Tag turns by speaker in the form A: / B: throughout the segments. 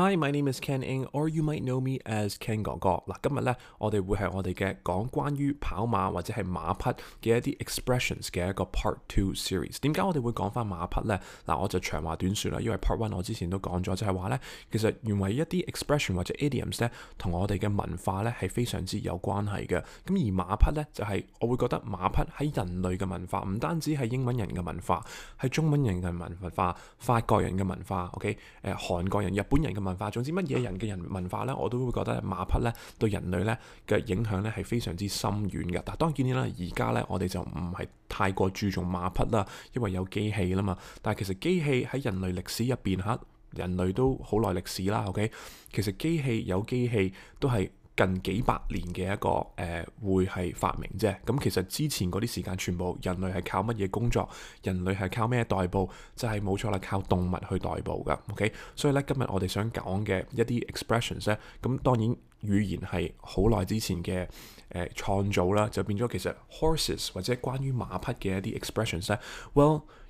A: Hi, my name is Ken Ing, or you might know me as Ken 哥哥。嗱，今日呢，我哋會係我哋嘅講關於跑馬或者係馬匹嘅一啲 expressions 嘅一個 part two series。點解我哋會講返馬匹呢？嗱，我就長話短説啦，因為 part one 我之前都講咗，就係、是、話呢，其實原為一啲 expression 或者 idioms 呢，同我哋嘅文化呢係非常之有關係嘅。咁而馬匹呢，就係、是、我會覺得馬匹喺人類嘅文化，唔單止係英文人嘅文化，係中文人嘅文化、法國人嘅文化、OK，誒、呃、韓國人、日本人嘅。文化，總之乜嘢人嘅人文化呢？我都會覺得馬匹呢對人類呢嘅影響呢係非常之深遠嘅。但當然啦，而家呢我哋就唔係太過注重馬匹啦，因為有機器啦嘛。但係其實機器喺人類歷史入邊吓，人類都好耐歷史啦。OK，其實機器有機器都係。近幾百年嘅一個誒、呃、會係發明啫。咁其實之前嗰啲時間全部人類係靠乜嘢工作？人類係靠咩代步？就係、是、冇錯啦，靠動物去代步㗎。OK，所以咧今日我哋想講嘅一啲 expressions 咧，咁當然語言係好耐之前嘅誒創造啦，就變咗其實 horses 或者關於馬匹嘅一啲 expressions 咧，well。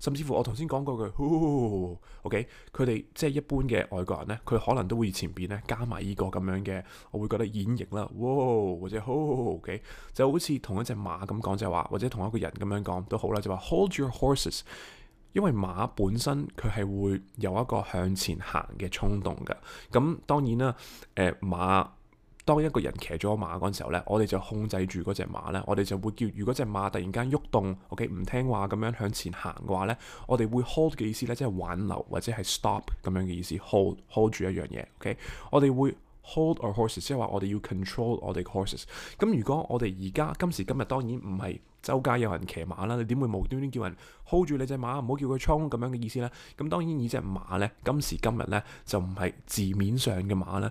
A: 甚至乎我頭先講嗰句，OK，佢哋即係一般嘅外國人呢，佢可能都會前邊呢加埋呢個咁樣嘅，我會覺得演繹啦，哇、哦、或者、哦，OK，就好似同一隻馬咁講就話，或者同一個人咁樣講都好啦，就話，是，hold your horses，因為馬本身佢係會有一個向前行嘅衝動嘅，咁當然啦，誒、呃、馬。當一個人騎咗一馬嗰陣時候呢，我哋就控制住嗰隻馬呢，我哋就會叫，如果隻馬突然間喐動,動，OK 唔聽話咁樣向前行嘅話呢，我哋會 hold 嘅意思呢，即係挽留或者係 stop 咁樣嘅意思，hold hold 住一樣嘢，OK，我哋會 hold our horses，即係話我哋要 control 我哋 horses。咁如果我哋而家今時今日當然唔係周街有人騎馬啦，你點會無端端叫人 hold 住你隻馬，唔好叫佢衝咁樣嘅意思呢？咁當然以隻馬呢，今時今日呢，就唔係字面上嘅馬咧。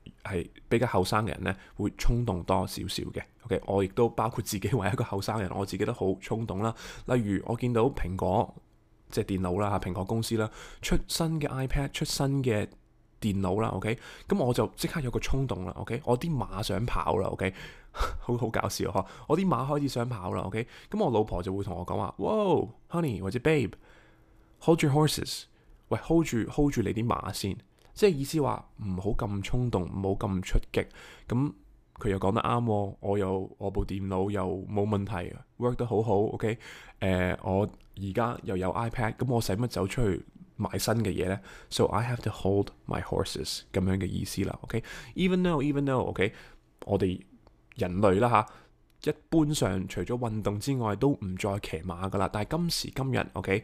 A: 係比較後生嘅人呢會衝動多少少嘅。OK，我亦都包括自己為一個後生人，我自己都好衝動啦。例如我見到蘋果即係電腦啦，嚇蘋果公司啦，出新嘅 iPad，出新嘅電腦啦。OK，咁我就即刻有個衝動啦。OK，我啲馬想跑啦。OK，好 好搞笑呵！我啲馬開始想跑啦。OK，咁我老婆就會同我講話，Whoa，Honey 或者 Babe，hold your horses，喂，hold 住 hold 住你啲馬先。即係意思話唔好咁衝動，唔好咁出擊。咁佢又講得啱喎、哦，我又我部電腦又冇問題，work 得好好。OK，誒、呃，我而家又有 iPad，咁我使乜走出去買新嘅嘢呢？So I have to hold my horses 咁樣嘅意思啦。OK，even though，even though，OK，okay? 我哋人類啦嚇，一般上除咗運動之外都唔再騎馬噶啦。但係今時今日，OK。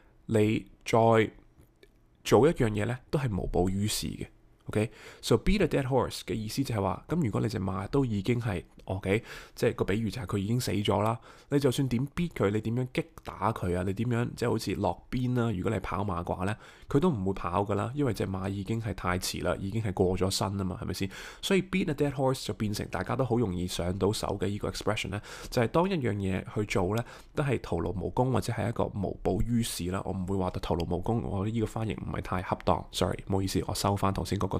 A: 你再做一樣嘢咧，都係無補於事嘅。OK，so、okay? beat a dead horse 嘅意思就係話，咁如果你隻馬都已經係 OK，即係個比喻就係佢已經死咗啦。你就算點 beat 佢，你點樣擊打佢啊？你點樣即係好似落鞭啦、啊？如果你跑馬嘅話咧，佢都唔會跑㗎啦，因為隻馬已經係太遲啦，已經係過咗身啊嘛，係咪先？所以 beat a dead horse 就變成大家都好容易上到手嘅依個 expression 咧，就係、是、當一樣嘢去做咧都係徒勞無功或者係一個無補於事啦。我唔會話徒勞無功，我呢個翻譯唔係太恰當，sorry，唔好意思，我收翻頭先嗰個。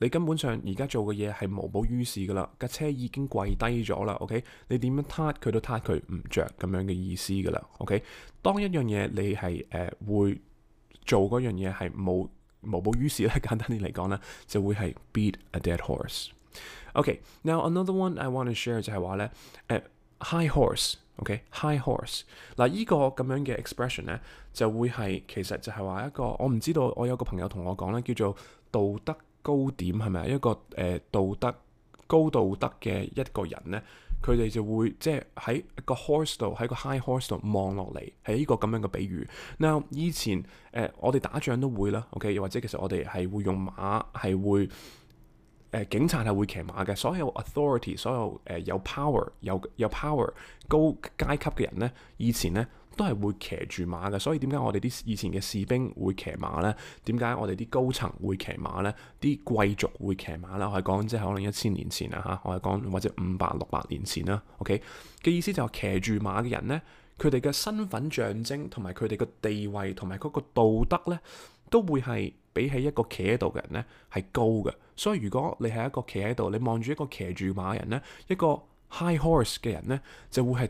A: 你根本上而家做嘅嘢係無補於事嘅啦，架車已經跪低咗啦。OK，你點樣撻佢都撻佢唔着咁樣嘅意思嘅啦。OK，當一樣嘢你係誒、呃、會做嗰樣嘢係冇無補於事咧，簡單啲嚟講咧，就會係 beat a dead horse。OK，now、okay, another one I want to share 就係話咧誒 high horse,、okay? high horse. 呃。這個、OK，high horse。嗱依個咁樣嘅 expression 咧就會係其實就係話一個我唔知道，我有個朋友同我講咧叫做道德。高點係咪啊？一個誒、呃、道德高道德嘅一個人呢，佢哋就會即係喺一個 horse 度喺個 high horse 度望落嚟，係一個咁樣嘅比喻。嗱，以前誒、呃、我哋打仗都會啦，OK，又或者其實我哋係會用馬係會誒、呃、警察係會騎馬嘅。所有 authority，所有誒、呃、有 power 有有 power 高階級嘅人呢，以前呢。都係會騎住馬嘅，所以點解我哋啲以前嘅士兵會騎馬呢？點解我哋啲高層會騎馬呢？啲貴族會騎馬啦。我係講即係可能一千年前啦、啊、嚇，我係講或者五百六百年前啦、啊。OK 嘅意思就係騎住馬嘅人呢，佢哋嘅身份象徵同埋佢哋嘅地位同埋嗰個道德呢，都會係比起一個企喺度嘅人呢係高嘅。所以如果你係一,一個企喺度，你望住一個騎住馬嘅人呢，一個 high horse 嘅人呢，就會係。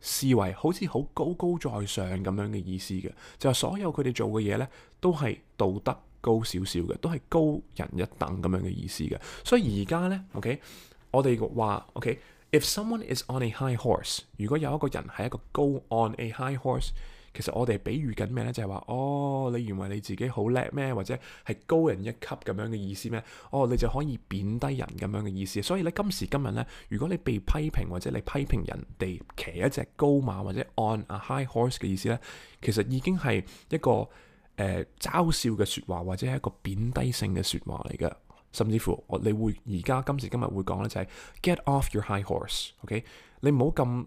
A: 視為好似好高高在上咁樣嘅意思嘅，就係所有佢哋做嘅嘢呢，都係道德高少少嘅，都係高人一等咁樣嘅意思嘅。所以而家呢，OK，我哋話，OK，if someone is on a high horse，如果有一個人係一個高 on a high horse。其實我哋比喻緊咩呢？就係、是、話，哦，你認為你自己好叻咩？或者係高人一級咁樣嘅意思咩？哦，你就可以貶低人咁樣嘅意思。所以咧，今時今日呢，如果你被批評或者你批評人哋騎一隻高馬或者 on a high horse 嘅意思呢，其實已經係一個誒、呃、嘲笑嘅説話，或者係一個貶低性嘅説話嚟嘅。甚至乎我你會而家今時今日會講呢，就係、是、get off your high horse，OK？Okay? 你唔好咁。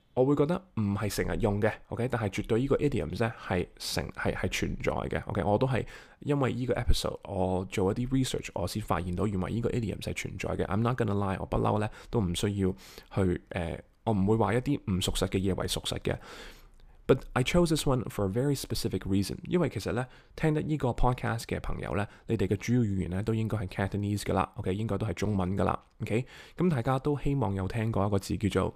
A: 我會覺得唔係成日用嘅，OK？但係絕對個呢個 idioms 咧係成係係存在嘅，OK？我都係因為呢個 episode 我做一啲 research，我先發現到原來呢個 idioms 係存在嘅。I'm not gonna lie，我呢不嬲咧都唔需要去誒、呃，我唔會話一啲唔熟悉嘅嘢為熟悉嘅。But I chose this one for a very specific reason，因為其實咧聽得呢個 podcast 嘅朋友咧，你哋嘅主要語言咧都應該係 Cantonese 噶啦，OK？應該都係中文噶啦，OK？咁大家都希望有聽過一個字叫做。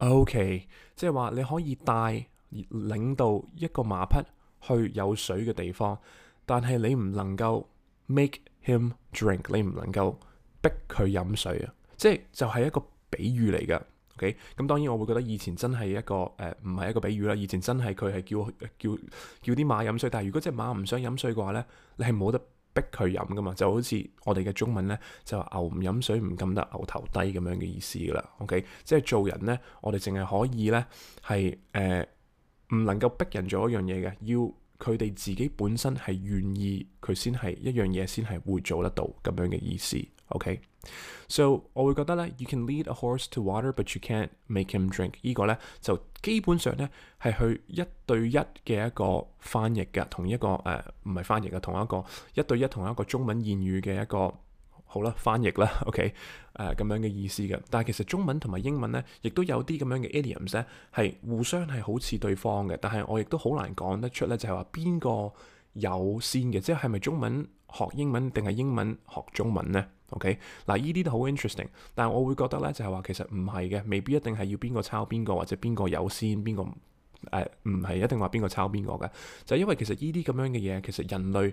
A: O.K. 即係話你可以帶領導一個馬匹去有水嘅地方，但係你唔能夠 make him drink，你唔能夠逼佢飲水啊！即係就係、是、一個比喻嚟㗎。O.K. 咁、嗯、當然我會覺得以前真係一個誒唔係一個比喻啦，以前真係佢係叫叫叫啲馬飲水，但係如果隻馬唔想飲水嘅話呢，你係冇得，逼佢飲㗎嘛，就好似我哋嘅中文呢，就話牛唔飲水唔撳得牛頭低咁樣嘅意思㗎啦。OK，即係做人呢，我哋淨係可以呢，係誒，唔、呃、能夠逼人做一樣嘢嘅，要。佢哋自己本身係願意，佢先係一樣嘢，先係會做得到咁樣嘅意思。OK，so、okay? 我會覺得呢，You can lead a horse to water，but you can't make him drink。呢個呢，就基本上呢，係去一對一嘅一個翻譯嘅同一個誒，唔、uh, 係翻譯嘅同一個一對一同一個中文諺語嘅一個。好啦，翻譯啦，OK，誒、呃、咁樣嘅意思嘅。但係其實中文同埋英文呢，亦都有啲咁樣嘅 idioms 咧，係互相係好似對方嘅。但係我亦都好難講得出呢，就係話邊個有先嘅，即係係咪中文學英文定係英文學中文呢？OK，嗱，呢、okay? 啲都好 interesting。但係我會覺得呢，就係、是、話其實唔係嘅，未必一定係要邊個抄邊個，或者邊個有先邊個誒，唔係一定話邊個抄邊個嘅。就係、因為其實呢啲咁樣嘅嘢，其實人類。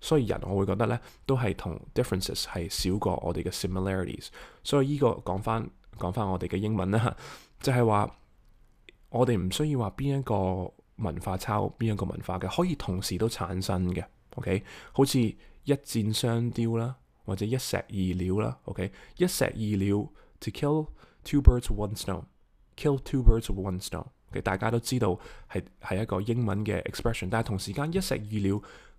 A: 所以人我會覺得咧，都係同 differences 係少過我哋嘅 similarities。所以呢個講翻講翻我哋嘅英文啦，就係話我哋唔需要話邊一個文化抄邊一個文化嘅，可以同時都產生嘅。OK，好似一箭雙雕啦，或者一石二鳥啦。OK，一石二鳥 to kill two birds with one stone，kill two birds with one stone。其實大家都知道係係一個英文嘅 expression，但係同時間一石二鳥。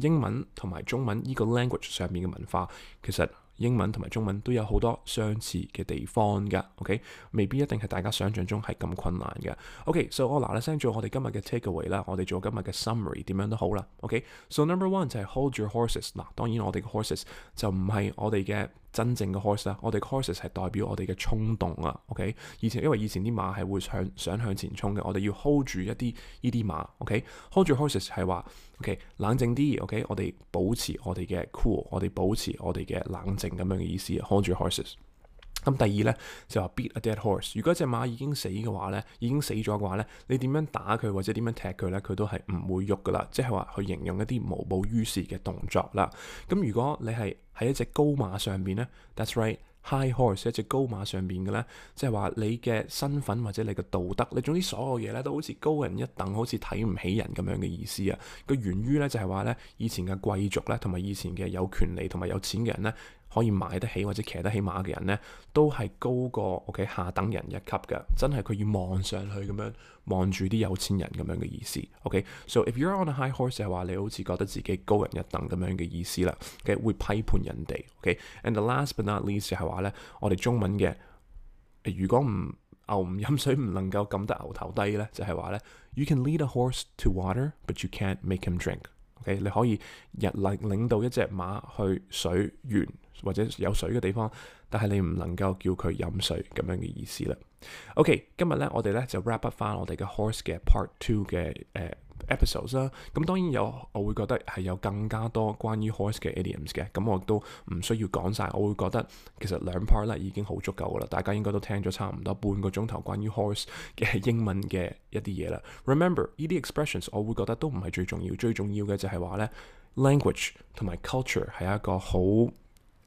A: 英文同埋中文呢個 language 上面嘅文化，其實英文同埋中文都有好多相似嘅地方噶，OK？未必一定係大家想象中係咁困難嘅。OK，so 我嗱啦聲做我哋今日嘅 takeaway 啦，我哋做今日嘅 summary 點樣都好啦。OK，so number one 就係 hold your horses。嗱，當然我哋嘅 horses 就唔係我哋嘅。真正嘅 horse 咧，我哋 horses 係代表我哋嘅衝動啊。OK，以前因為以前啲馬係會向想向前衝嘅，我哋要 hold 住一啲呢啲馬。OK，hold 住 horses 係話 OK 冷靜啲。OK，我哋保持我哋嘅 cool，我哋保持我哋嘅冷靜咁樣嘅意思。hold 住 horses。咁第二咧就話 beat a dead horse。如果一隻馬已經死嘅話咧，已經死咗嘅話咧，你點樣打佢或者點樣踢佢咧，佢都係唔會喐噶啦。即係話去形容一啲無補於事嘅動作啦。咁如果你係喺一隻高馬上邊咧，That's right, high horse，一隻高馬上邊嘅咧，即係話你嘅身份或者你嘅道德，你總之所有嘢咧都好似高人一等，好似睇唔起人咁樣嘅意思啊。佢源於咧就係話咧，以前嘅貴族咧同埋以前嘅有權利同埋有錢嘅人咧。可以買得起或者騎得起馬嘅人呢，都係高過 OK 下等人一級嘅。真係佢要望上去咁樣望住啲有錢人咁樣嘅意思。OK，so if you're on a high horse 就係話你好似覺得自己高人一等咁樣嘅意思啦。OK，會批判人哋。OK，and the last but not least 就係話呢，我哋中文嘅如果唔牛唔飲水，唔能夠撳得牛頭低呢，就係話呢 You can lead a horse to water but you can't make him drink。OK，你可以日嚟領到一隻馬去水源。或者有水嘅地方，但係你唔能夠叫佢飲水咁樣嘅意思啦。OK，今日咧我哋咧就 wrap up 翻我哋嘅 horse 嘅 part two 嘅誒、uh, episodes 啦。咁、嗯、當然有，我會覺得係有更加多關於 horse 嘅 idioms 嘅。咁、嗯、我都唔需要講晒，我會覺得其實兩 part 咧已經好足夠噶啦。大家應該都聽咗差唔多半個鐘頭關於 horse 嘅英文嘅一啲嘢啦。Remember 呢啲 expressions，我會覺得都唔係最重要。最重要嘅就係話咧 language 同埋 culture 係一個好。